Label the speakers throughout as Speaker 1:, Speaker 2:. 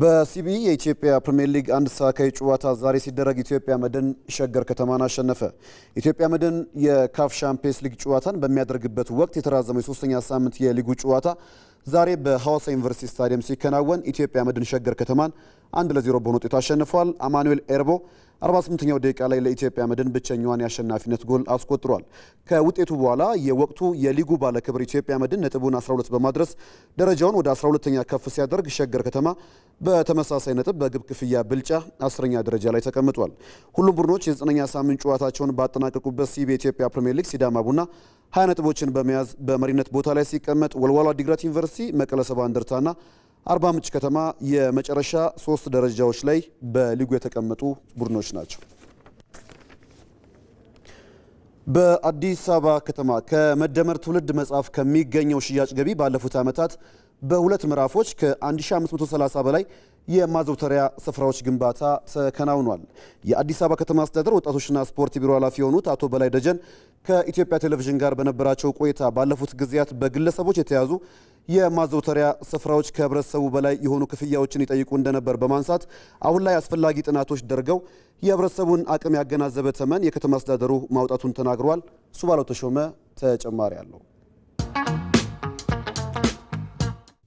Speaker 1: በሲቢ የኢትዮጵያ ፕሪምየር ሊግ አንድ ተስተካካይ ጨዋታ ዛሬ ሲደረግ ኢትዮጵያ መድን ሸገር ከተማን አሸነፈ። ኢትዮጵያ መድን የካፍ ሻምፒየንስ ሊግ ጨዋታን በሚያደርግበት ወቅት የተራዘመው የሶስተኛ ሳምንት የሊጉ ጨዋታ ዛሬ በሐዋሳ ዩኒቨርሲቲ ስታዲየም ሲከናወን ኢትዮጵያ መድን ሸገር ከተማን አንድ ለዜሮ በሆነ ውጤት አሸንፏል። አማኑኤል ኤርቦ 48ኛው ደቂቃ ላይ ለኢትዮጵያ መድን ብቸኛዋን የአሸናፊነት ጎል አስቆጥሯል። ከውጤቱ በኋላ የወቅቱ የሊጉ ባለክብር ኢትዮጵያ መድን ነጥቡን 12 በማድረስ ደረጃውን ወደ 12ኛ ከፍ ሲያደርግ፣ ሸገር ከተማ በተመሳሳይ ነጥብ በግብ ክፍያ ብልጫ አስረኛ ኛ ደረጃ ላይ ተቀምጧል። ሁሉም ቡድኖች የዘጠነኛ ሳምንት ጨዋታቸውን ባጠናቀቁበት ሲቢ የኢትዮጵያ ፕሪምየር ሊግ ሲዳማ ቡና 20 ነጥቦችን በመያዝ በመሪነት ቦታ ላይ ሲቀመጥ፣ ወልዋሎ ዓዲግራት ዩኒቨርሲቲ ዩኒቨርሲቲ፣ መቀለ ሰባ እንደርታና አርባ ምንጭ ከተማ የመጨረሻ ሶስት ደረጃዎች ላይ በሊጉ የተቀመጡ ቡድኖች ናቸው። በአዲስ አበባ ከተማ ከመደመር ትውልድ መጽሐፍ ከሚገኘው ሽያጭ ገቢ ባለፉት ዓመታት በሁለት ምዕራፎች ከ1530 በላይ የማዘውተሪያ ስፍራዎች ግንባታ ተከናውኗል። የአዲስ አበባ ከተማ አስተዳደር ወጣቶችና ስፖርት ቢሮ ኃላፊ የሆኑት አቶ በላይ ደጀን ከኢትዮጵያ ቴሌቪዥን ጋር በነበራቸው ቆይታ ባለፉት ጊዜያት በግለሰቦች የተያዙ የማዘውተሪያ ስፍራዎች ከህብረተሰቡ በላይ የሆኑ ክፍያዎችን ይጠይቁ እንደነበር በማንሳት አሁን ላይ አስፈላጊ ጥናቶች ደርገው የህብረተሰቡን አቅም ያገናዘበ ተመን የከተማ አስተዳደሩ ማውጣቱን ተናግሯል። ሱባለው ተሾመ ተጨማሪ አለው።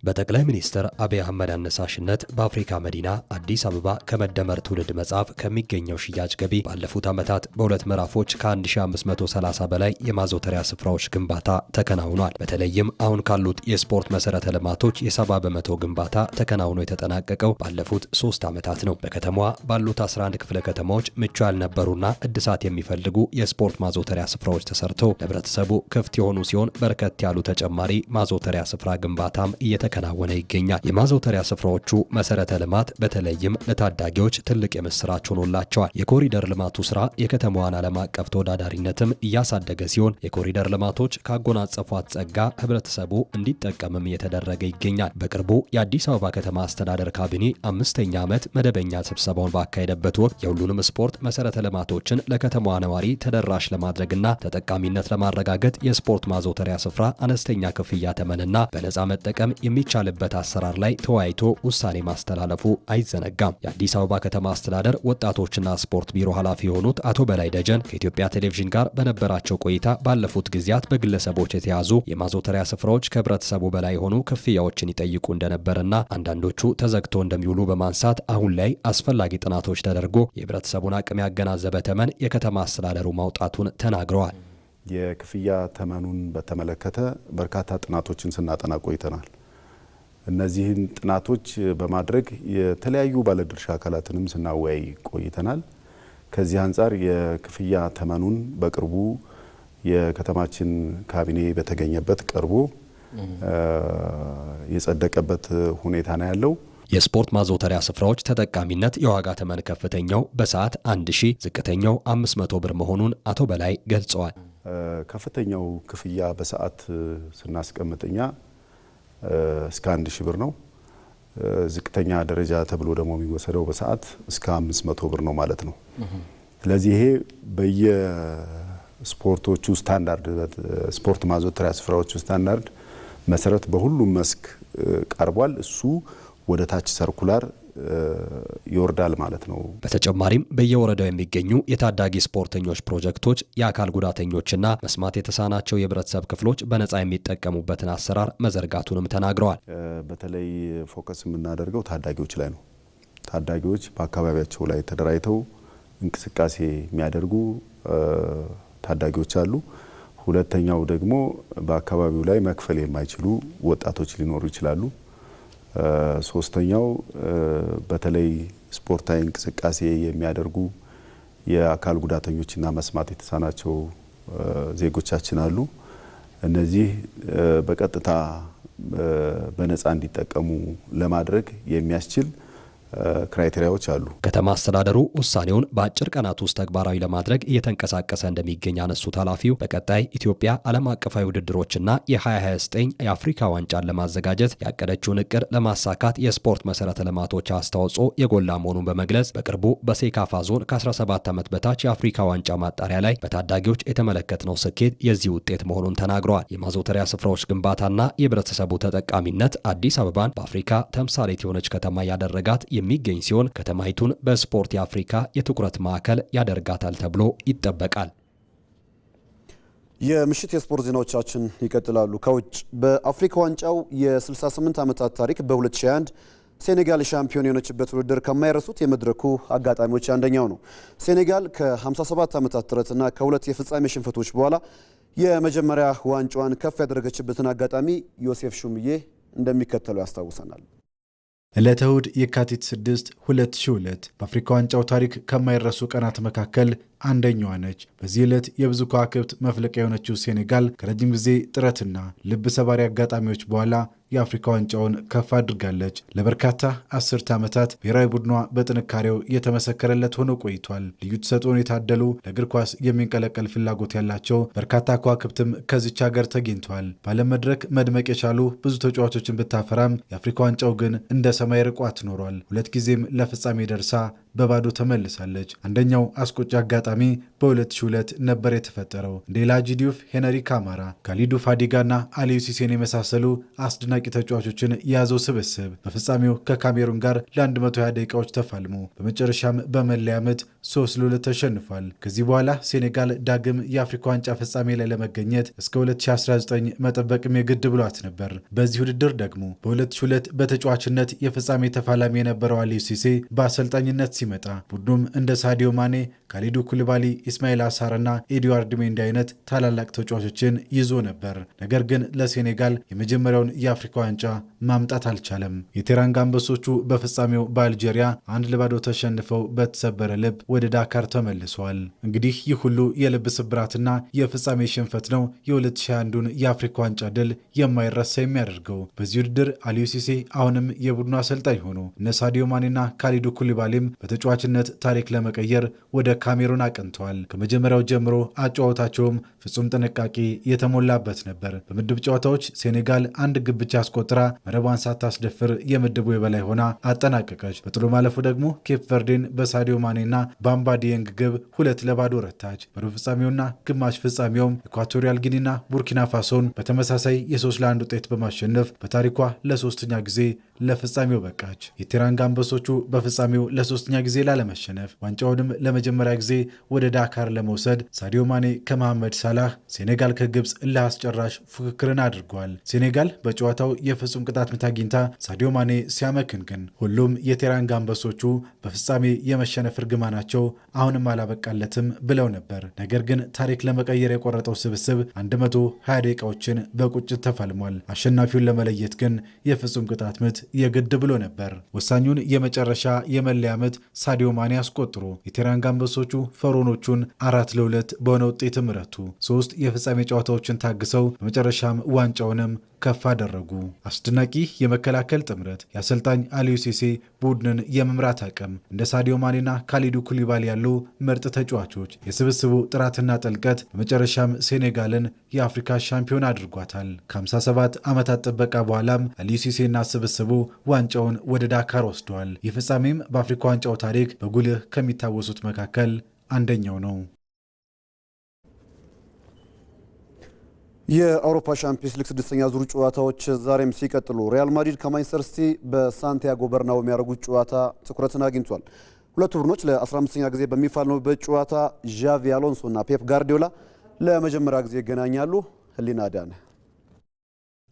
Speaker 2: በጠቅላይ ሚኒስትር አብይ አህመድ አነሳሽነት በአፍሪካ መዲና አዲስ አበባ ከመደመር ትውልድ መጽሐፍ ከሚገኘው ሽያጭ ገቢ ባለፉት ዓመታት በሁለት ምዕራፎች ከ1530 በላይ የማዘውተሪያ ስፍራዎች ግንባታ ተከናውኗል። በተለይም አሁን ካሉት የስፖርት መሰረተ ልማቶች የ70 በመቶ ግንባታ ተከናውኖ የተጠናቀቀው ባለፉት ሶስት ዓመታት ነው። በከተማዋ ባሉት 11 ክፍለ ከተማዎች ምቹ ያልነበሩና እድሳት የሚፈልጉ የስፖርት ማዘውተሪያ ስፍራዎች ተሰርተው ለህብረተሰቡ ክፍት የሆኑ ሲሆን በርከት ያሉ ተጨማሪ ማዘውተሪያ ስፍራ ግንባታም እየተ እየተከናወነ ይገኛል። የማዘውተሪያ ስፍራዎቹ መሰረተ ልማት በተለይም ለታዳጊዎች ትልቅ የምስራች ሆኖላቸዋል። የኮሪደር ልማቱ ስራ የከተማዋን ዓለም አቀፍ ተወዳዳሪነትም እያሳደገ ሲሆን የኮሪደር ልማቶች ካጎናጸፏት ጸጋ ህብረተሰቡ እንዲጠቀምም እየተደረገ ይገኛል። በቅርቡ የአዲስ አበባ ከተማ አስተዳደር ካቢኔ አምስተኛ ዓመት መደበኛ ስብሰባውን ባካሄደበት ወቅት የሁሉንም ስፖርት መሰረተ ልማቶችን ለከተማዋ ነዋሪ ተደራሽ ለማድረግና ተጠቃሚነት ለማረጋገጥ የስፖርት ማዘውተሪያ ስፍራ አነስተኛ ክፍያ ተመንና በነፃ መጠቀም የሚ በሚቻልበት አሰራር ላይ ተወያይቶ ውሳኔ ማስተላለፉ አይዘነጋም። የአዲስ አበባ ከተማ አስተዳደር ወጣቶችና ስፖርት ቢሮ ኃላፊ የሆኑት አቶ በላይ ደጀን ከኢትዮጵያ ቴሌቪዥን ጋር በነበራቸው ቆይታ ባለፉት ጊዜያት በግለሰቦች የተያዙ የማዘውተሪያ ስፍራዎች ከህብረተሰቡ በላይ የሆኑ ክፍያዎችን ይጠይቁ እንደነበርና አንዳንዶቹ ተዘግቶ እንደሚውሉ በማንሳት አሁን ላይ አስፈላጊ ጥናቶች ተደርጎ የህብረተሰቡን አቅም ያገናዘበ ተመን የከተማ አስተዳደሩ ማውጣቱን ተናግረዋል።
Speaker 3: የክፍያ ተመኑን በተመለከተ በርካታ ጥናቶችን ስናጠና ቆይተናል። እነዚህን ጥናቶች በማድረግ የተለያዩ ባለድርሻ አካላትንም ስናወያይ ቆይተናል። ከዚህ አንጻር የክፍያ ተመኑን በቅርቡ የከተማችን ካቢኔ በተገኘበት ቀርቦ የጸደቀበት ሁኔታ ነው ያለው።
Speaker 2: የስፖርት ማዘውተሪያ ስፍራዎች ተጠቃሚነት የዋጋ ተመን ከፍተኛው በሰዓት አንድ ሺህ ዝቅተኛው 500 ብር መሆኑን አቶ በላይ ገልጸዋል።
Speaker 3: ከፍተኛው ክፍያ በሰዓት ስናስቀምጥኛ እስከ አንድ ሺህ ብር ነው። ዝቅተኛ ደረጃ ተብሎ ደግሞ የሚወሰደው በሰዓት እስከ አምስት መቶ ብር ነው ማለት ነው። ስለዚህ ይሄ በየስፖርቶቹ ስታንዳርድ ስፖርት ማዘውተሪያ ስፍራዎቹ ስታንዳርድ መሰረት በሁሉም መስክ ቀርቧል። እሱ ወደ ታች ሰርኩላር ይወርዳል ማለት ነው።
Speaker 2: በተጨማሪም በየወረዳው የሚገኙ የታዳጊ ስፖርተኞች ፕሮጀክቶች የአካል ጉዳተኞችና መስማት የተሳናቸው የህብረተሰብ ክፍሎች በነጻ የሚጠቀሙበትን አሰራር መዘርጋቱንም ተናግረዋል።
Speaker 3: በተለይ ፎከስ የምናደርገው ታዳጊዎች ላይ ነው። ታዳጊዎች በአካባቢያቸው ላይ ተደራጅተው እንቅስቃሴ የሚያደርጉ ታዳጊዎች አሉ። ሁለተኛው ደግሞ በአካባቢው ላይ መክፈል የማይችሉ ወጣቶች ሊኖሩ ይችላሉ። ሶስተኛው በተለይ ስፖርታዊ እንቅስቃሴ የሚያደርጉ የአካል ጉዳተኞችና መስማት የተሳናቸው ዜጎቻችን አሉ። እነዚህ በቀጥታ በነፃ እንዲጠቀሙ ለማድረግ የሚያስችል ክራይቴሪያዎች አሉ።
Speaker 2: ከተማ አስተዳደሩ ውሳኔውን በአጭር ቀናት ውስጥ ተግባራዊ ለማድረግ እየተንቀሳቀሰ እንደሚገኝ ያነሱት ኃላፊው በቀጣይ ኢትዮጵያ ዓለም አቀፋዊ ውድድሮችና የ2029 የአፍሪካ ዋንጫን ለማዘጋጀት ያቀደችውን እቅድ ለማሳካት የስፖርት መሰረተ ልማቶች አስተዋጽኦ የጎላ መሆኑን በመግለጽ በቅርቡ በሴካፋ ዞን ከ17 ዓመት በታች የአፍሪካ ዋንጫ ማጣሪያ ላይ በታዳጊዎች የተመለከትነው ስኬት የዚህ ውጤት መሆኑን ተናግረዋል። የማዘውተሪያ ስፍራዎች ግንባታና የህብረተሰቡ ተጠቃሚነት አዲስ አበባን በአፍሪካ ተምሳሌት የሆነች ከተማ ያደረጋት የሚገኝ ሲሆን ከተማይቱን በስፖርት የአፍሪካ የትኩረት ማዕከል ያደርጋታል ተብሎ ይጠበቃል።
Speaker 1: የምሽት የስፖርት ዜናዎቻችን ይቀጥላሉ። ከውጭ በአፍሪካ ዋንጫው የ68 ዓመታት ታሪክ በ2021 ሴኔጋል ሻምፒዮን የሆነችበት ውድድር ከማይረሱት የመድረኩ አጋጣሚዎች አንደኛው ነው። ሴኔጋል ከ57 ዓመታት ጥረትና ከሁለት የፍጻሜ ሽንፈቶች በኋላ የመጀመሪያ ዋንጫዋን ከፍ ያደረገችበትን አጋጣሚ ዮሴፍ ሹምዬ እንደሚከተለው ያስታውሰናል።
Speaker 4: ዕለተ እሁድ የካቲት 6 2002 በአፍሪካ ዋንጫው ታሪክ ከማይረሱ ቀናት መካከል አንደኛዋ ነች። በዚህ ዕለት የብዙ ከዋክብት መፍለቂያ የሆነችው ሴኔጋል ከረጅም ጊዜ ጥረትና ልብ ሰባሪ አጋጣሚዎች በኋላ የአፍሪካ ዋንጫውን ከፍ አድርጋለች። ለበርካታ አስርተ ዓመታት ብሔራዊ ቡድኗ በጥንካሬው እየተመሰከረለት ሆኖ ቆይቷል። ልዩ ተሰጥኦን የታደሉ ለእግር ኳስ የሚንቀለቀል ፍላጎት ያላቸው በርካታ ከዋክብትም ከዚች ሀገር ተገኝተዋል። በዓለም መድረክ መድመቅ የቻሉ ብዙ ተጫዋቾችን ብታፈራም የአፍሪካ ዋንጫው ግን እንደ ሰማይ ርቋት ኖሯል። ሁለት ጊዜም ለፍጻሜ ደርሳ በባዶ ተመልሳለች። አንደኛው አስቆጪ አጋጣሚ በ2002 ነበር የተፈጠረው። እንዴላ ጂዲዩፍ፣ ሄነሪ ካማራ፣ ካሊዱ ፋዲጋና አሊዩ ሲሴን የመሳሰሉ አስደናቂ ተጫዋቾችን የያዘው ስብስብ በፍጻሜው ከካሜሩን ጋር ለ120 ደቂቃዎች ተፋልሞ በመጨረሻም በመለያ 3 ሶስት ለሁለት ተሸንፏል። ከዚህ በኋላ ሴኔጋል ዳግም የአፍሪካ ዋንጫ ፍጻሜ ላይ ለመገኘት እስከ 2019 መጠበቅም የግድ ብሏት ነበር። በዚህ ውድድር ደግሞ በ2002 በተጫዋችነት የፍጻሜ ተፋላሚ የነበረው አሊዩ ሲሴ በአሰልጣኝነት ሲ ሲመጣ ቡድኑም እንደ ሳዲዮ ማኔ፣ ካሊዱ ኩልባሊ፣ ኢስማኤል አሳርና ኤድዋርድ ሜንዲ አይነት ታላላቅ ተጫዋቾችን ይዞ ነበር። ነገር ግን ለሴኔጋል የመጀመሪያውን የአፍሪካ ዋንጫ ማምጣት አልቻለም። የቴራንጋ አንበሶቹ በፍጻሜው በአልጄሪያ አንድ ልባዶ ተሸንፈው በተሰበረ ልብ ወደ ዳካር ተመልሰዋል። እንግዲህ ይህ ሁሉ የልብ ስብራትና የፍጻሜ ሽንፈት ነው የ 2021 ዱን የአፍሪካ ዋንጫ ድል የማይረሳ የሚያደርገው። በዚህ ውድድር አሊዩ ሲሴ አሁንም የቡድኑ አሰልጣኝ ሆኑ እነ ሳዲዮ ማኔና ካሊዱ ኩሊባሊም በተጫዋችነት ታሪክ ለመቀየር ወደ ካሜሩን አቅንተዋል። ከመጀመሪያው ጀምሮ አጨዋወታቸውም ፍጹም ጥንቃቄ የተሞላበት ነበር። በምድብ ጨዋታዎች ሴኔጋል አንድ ግብ ብቻ አስቆጥራ መረቧን ሳታስደፍር የምድቡ የበላይ ሆና አጠናቀቀች። በጥሎ ማለፉ ደግሞ ኬፕ ቨርዴን በሳዲዮ ማኔና ባምባ ዲየንግ ግብ ሁለት ለባዶ ረታች። በሩብ ፍጻሜውና ግማሽ ፍጻሜውም ኢኳቶሪያል ጊኒና ቡርኪና ፋሶን በተመሳሳይ የሶስት ለአንድ ውጤት በማሸነፍ በታሪኳ ለሶስተኛ ጊዜ ለፍጻሜው በቃች። የቴራንግ አንበሶቹ በፍጻሜው ለሶስተኛ ጊዜ ላለመሸነፍ ዋንጫውንም ለመጀመሪያ ጊዜ ወደ ዳካር ለመውሰድ ሳዲዮ ማኔ ከመሐመድ ሳላህ ሴኔጋል ከግብፅ ለአስጨራሽ ፉክክርን አድርጓል። ሴኔጋል በጨዋታው የፍጹም ቅጣት ምት አግኝታ ሳዲዮ ማኔ ሲያመክን ግን ሁሉም የቴራንግ አንበሶቹ በፍጻሜ የመሸነፍ እርግማናቸው አሁንም አላበቃለትም ብለው ነበር። ነገር ግን ታሪክ ለመቀየር የቆረጠው ስብስብ 120 ደቂቃዎችን በቁጭት ተፋልሟል። አሸናፊውን ለመለየት ግን የፍጹም ቅጣት ምት የግድ ብሎ ነበር። ወሳኙን የመጨረሻ የመለያ ዓመት ሳዲዮ ማኔ አስቆጥሮ የቴራንጋ አንበሶቹ ፈሮኖቹን አራት ለሁለት በሆነ ውጤት ምረቱ። ሶስት የፍጻሜ ጨዋታዎችን ታግሰው በመጨረሻም ዋንጫውንም ከፍ አደረጉ። አስደናቂ የመከላከል ጥምረት የአሰልጣኝ አሊዩ ሴሴ ቡድንን የመምራት አቅም እንደ ሳዲዮ ማኔና ካሊዱ ኩሊባል ያሉ ምርጥ ተጫዋቾች የስብስቡ ጥራትና ጥልቀት በመጨረሻም ሴኔጋልን የአፍሪካ ሻምፒዮን አድርጓታል። ከ57 ዓመታት ጥበቃ በኋላም አሊዩ ሴሴና ስብስቡ ዋንጫውን ወደ ዳካር ወስደዋል። ይህ ፍጻሜም በአፍሪካ ዋንጫው ታሪክ በጉልህ ከሚታወሱት መካከል አንደኛው ነው።
Speaker 1: የአውሮፓ ሻምፒዮንስ ሊግ ስድስተኛ ዙር ጨዋታዎች ዛሬም ሲቀጥሉ ሪያል ማድሪድ ከማንቸስተር ሲቲ በሳንቲያጎ በርናው የሚያደርጉት ጨዋታ ትኩረትን አግኝቷል። ሁለቱ ቡድኖች ለ15ኛ ጊዜ በሚፋለሙበት ጨዋታ ዣቪ አሎንሶና ፔፕ ጋርዲዮላ ለመጀመሪያ ጊዜ ይገናኛሉ። ህሊና ዳነ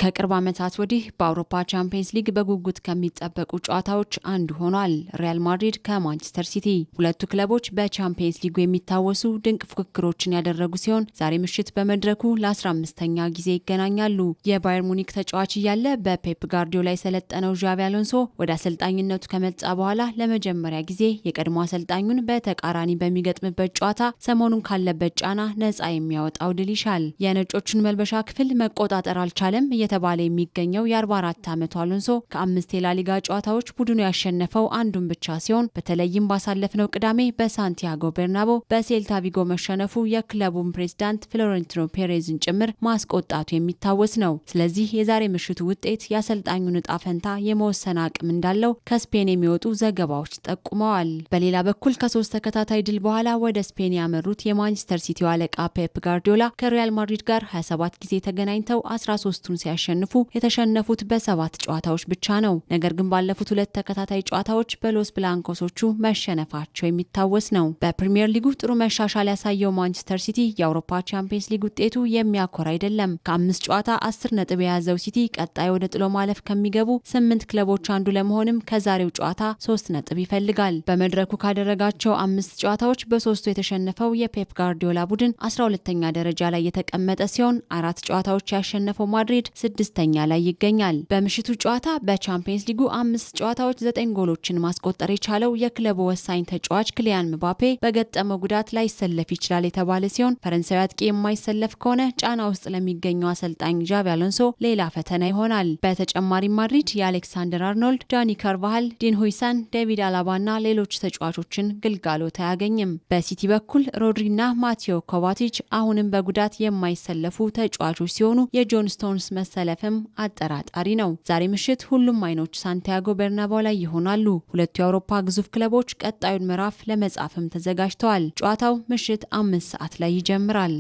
Speaker 5: ከቅርብ ዓመታት ወዲህ በአውሮፓ ቻምፒየንስ ሊግ በጉጉት ከሚጠበቁ ጨዋታዎች አንዱ ሆኗል። ሪያል ማድሪድ ከማንቸስተር ሲቲ። ሁለቱ ክለቦች በቻምፒየንስ ሊጉ የሚታወሱ ድንቅ ፉክክሮችን ያደረጉ ሲሆን ዛሬ ምሽት በመድረኩ ለ15ኛ ጊዜ ይገናኛሉ። የባየር ሙኒክ ተጫዋች እያለ በፔፕ ጋርዲዮላ የሰለጠነው ዣቪ አሎንሶ ወደ አሰልጣኝነቱ ከመጣ በኋላ ለመጀመሪያ ጊዜ የቀድሞ አሰልጣኙን በተቃራኒ በሚገጥምበት ጨዋታ ሰሞኑን ካለበት ጫና ነፃ የሚያወጣው ድል ይሻል። የነጮቹን መልበሻ ክፍል መቆጣጠር አልቻለም። እየተባለ የሚገኘው የ44 ዓመቱ አሎንሶ ከአምስት የላሊጋ ጨዋታዎች ቡድኑ ያሸነፈው አንዱን ብቻ ሲሆን በተለይም ባሳለፍነው ቅዳሜ በሳንቲያጎ ቤርናቦ በሴልታ ቪጎ መሸነፉ የክለቡን ፕሬዝዳንት ፍሎረንቲኖ ፔሬዝን ጭምር ማስቆጣቱ የሚታወስ ነው። ስለዚህ የዛሬ ምሽቱ ውጤት የአሰልጣኙን እጣ ፈንታ የመወሰን አቅም እንዳለው ከስፔን የሚወጡ ዘገባዎች ጠቁመዋል። በሌላ በኩል ከሶስት ተከታታይ ድል በኋላ ወደ ስፔን ያመሩት የማንቸስተር ሲቲው አለቃ ፔፕ ጋርዲዮላ ከሪያል ማድሪድ ጋር 27 ጊዜ ተገናኝተው 13ቱን ሲያ ሲያሸንፉ የተሸነፉት በሰባት ጨዋታዎች ብቻ ነው። ነገር ግን ባለፉት ሁለት ተከታታይ ጨዋታዎች በሎስ ብላንኮሶቹ መሸነፋቸው የሚታወስ ነው። በፕሪምየር ሊጉ ጥሩ መሻሻል ያሳየው ማንቸስተር ሲቲ የአውሮፓ ቻምፒየንስ ሊግ ውጤቱ የሚያኮር አይደለም። ከአምስት ጨዋታ አስር ነጥብ የያዘው ሲቲ ቀጣይ ወደ ጥሎ ማለፍ ከሚገቡ ስምንት ክለቦች አንዱ ለመሆንም ከዛሬው ጨዋታ ሶስት ነጥብ ይፈልጋል። በመድረኩ ካደረጋቸው አምስት ጨዋታዎች በሶስቱ የተሸነፈው የፔፕ ጋርዲዮላ ቡድን አስራ ሁለተኛ ደረጃ ላይ የተቀመጠ ሲሆን አራት ጨዋታዎች ያሸነፈው ማድሪድ ስድስተኛ ላይ ይገኛል። በምሽቱ ጨዋታ በቻምፒየንስ ሊጉ አምስት ጨዋታዎች ዘጠኝ ጎሎችን ማስቆጠር የቻለው የክለቡ ወሳኝ ተጫዋች ክሊያን ምባፔ በገጠመው ጉዳት ላይሰለፍ ይችላል የተባለ ሲሆን ፈረንሳዊ አጥቂ የማይሰለፍ ከሆነ ጫና ውስጥ ለሚገኘው አሰልጣኝ ዣቪ አሎንሶ ሌላ ፈተና ይሆናል። በተጨማሪም ማድሪድ የአሌክሳንደር አርኖልድ፣ ዳኒ ካርቫሃል፣ ዲን ሆይሳን፣ ዴቪድ አላባ እና ሌሎች ተጫዋቾችን ግልጋሎት አያገኝም። በሲቲ በኩል ሮድሪና ማቴዎ ኮቫቲች አሁንም በጉዳት የማይሰለፉ ተጫዋቾች ሲሆኑ የጆን ስቶንስ መሰ ሰለፍም አጠራጣሪ ነው። ዛሬ ምሽት ሁሉም አይኖች ሳንቲያጎ በርናባው ላይ ይሆናሉ። ሁለቱ የአውሮፓ ግዙፍ ክለቦች ቀጣዩን ምዕራፍ ለመጻፍም ተዘጋጅተዋል። ጨዋታው ምሽት አምስት ሰዓት ላይ ይጀምራል።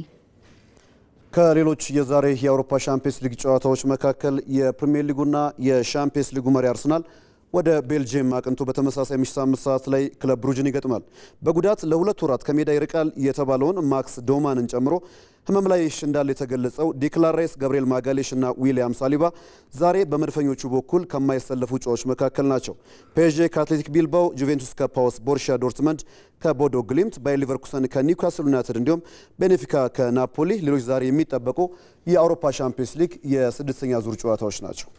Speaker 1: ከሌሎች የዛሬ የአውሮፓ ሻምፒየንስ ሊግ ጨዋታዎች መካከል የፕሪሚየር ሊጉና የሻምፒየንስ ሊጉ መሪ አርሰናል ወደ ቤልጅየም አቅንቶ በተመሳሳይ ምሽት አምስት ሰዓት ላይ ክለብ ብሩጅን ይገጥማል። በጉዳት ለሁለት ወራት ከሜዳ ይርቃል የተባለውን ማክስ ዶማንን ጨምሮ ህመም ላይ እንዳለ የተገለጸው ዲክላን ራይስ፣ ገብርኤል ማጋሌሽ እና ዊሊያም ሳሊባ ዛሬ በመድፈኞቹ በኩል ከማይሰለፉ እጩዎች መካከል ናቸው። ፔዤ ከአትሌቲክ ቢልባው፣ ጁቬንቱስ ከፓወስ፣ ቦርሺያ ዶርትመንድ ከቦዶ ግሊምት፣ ባየር ሊቨርኩሰን ከኒውካስል ዩናይትድ እንዲሁም ቤኔፊካ ከናፖሊ ሌሎች ዛሬ የሚጠበቁ የአውሮፓ ሻምፒዮንስ ሊግ የስድስተኛ ዙር ጨዋታዎች ናቸው።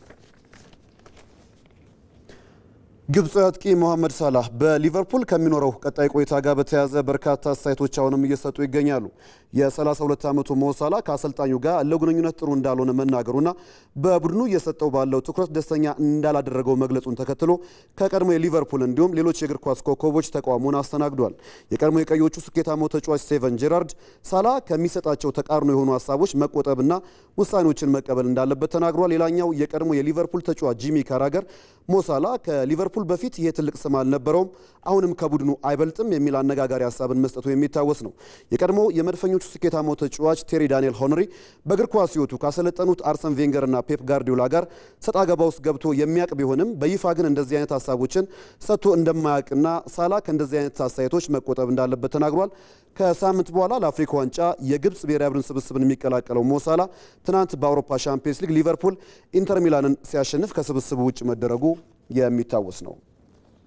Speaker 1: ግብፃዊ አጥቂ መሐመድ ሳላህ በሊቨርፑል ከሚኖረው ቀጣይ ቆይታ ጋር በተያያዘ በርካታ አስተያየቶች አሁንም እየሰጡ ይገኛሉ። የ32 ዓመቱ ሞ ሳላህ ከአሰልጣኙ ጋር ያለው ግንኙነት ጥሩ እንዳልሆነ መናገሩና በቡድኑ እየሰጠው ባለው ትኩረት ደስተኛ እንዳላደረገው መግለጹን ተከትሎ ከቀድሞ የሊቨርፑል እንዲሁም ሌሎች የእግር ኳስ ኮከቦች ተቃውሞን አስተናግዷል። የቀድሞ የቀዮቹ ስኬታማው ተጫዋች ስቴቨን ጄራርድ ሳላህ ከሚሰጣቸው ተቃርኖ የሆኑ ሀሳቦች መቆጠብና ውሳኔዎችን መቀበል እንዳለበት ተናግሯል። ሌላኛው የቀድሞ የሊቨርፑል ተጫዋች ጂሚ ካራገር ሞ ሳላህ ከሊቨርፑል ሊቨርፑል በፊት ይሄ ትልቅ ስም አልነበረውም፣ አሁንም ከቡድኑ አይበልጥም የሚል አነጋጋሪ ሀሳብን መስጠቱ የሚታወስ ነው። የቀድሞ የመድፈኞቹ ስኬታማ ተጫዋች ቴሪ ዳንኤል ሆነሪ በእግር ኳስ ሕይወቱ ካሰለጠኑት አርሰን ቬንገርና ፔፕ ጋርዲዮላ ጋር ሰጣ ገባ ውስጥ ገብቶ የሚያውቅ ቢሆንም በይፋ ግን እንደዚህ አይነት ሀሳቦችን ሰጥቶ እንደማያውቅና ሳላ ከእንደዚህ አይነት አስተያየቶች መቆጠብ እንዳለበት ተናግሯል። ከሳምንት በኋላ ለአፍሪካ ዋንጫ የግብፅ ብሔራዊ ቡድን ስብስብን የሚቀላቀለው ሞሳላ ትናንት በአውሮፓ ሻምፒየንስ ሊግ ሊቨርፑል ኢንተር ሚላንን ሲያሸንፍ ከስብስቡ ውጭ መደረጉ የሚታወስ ነው።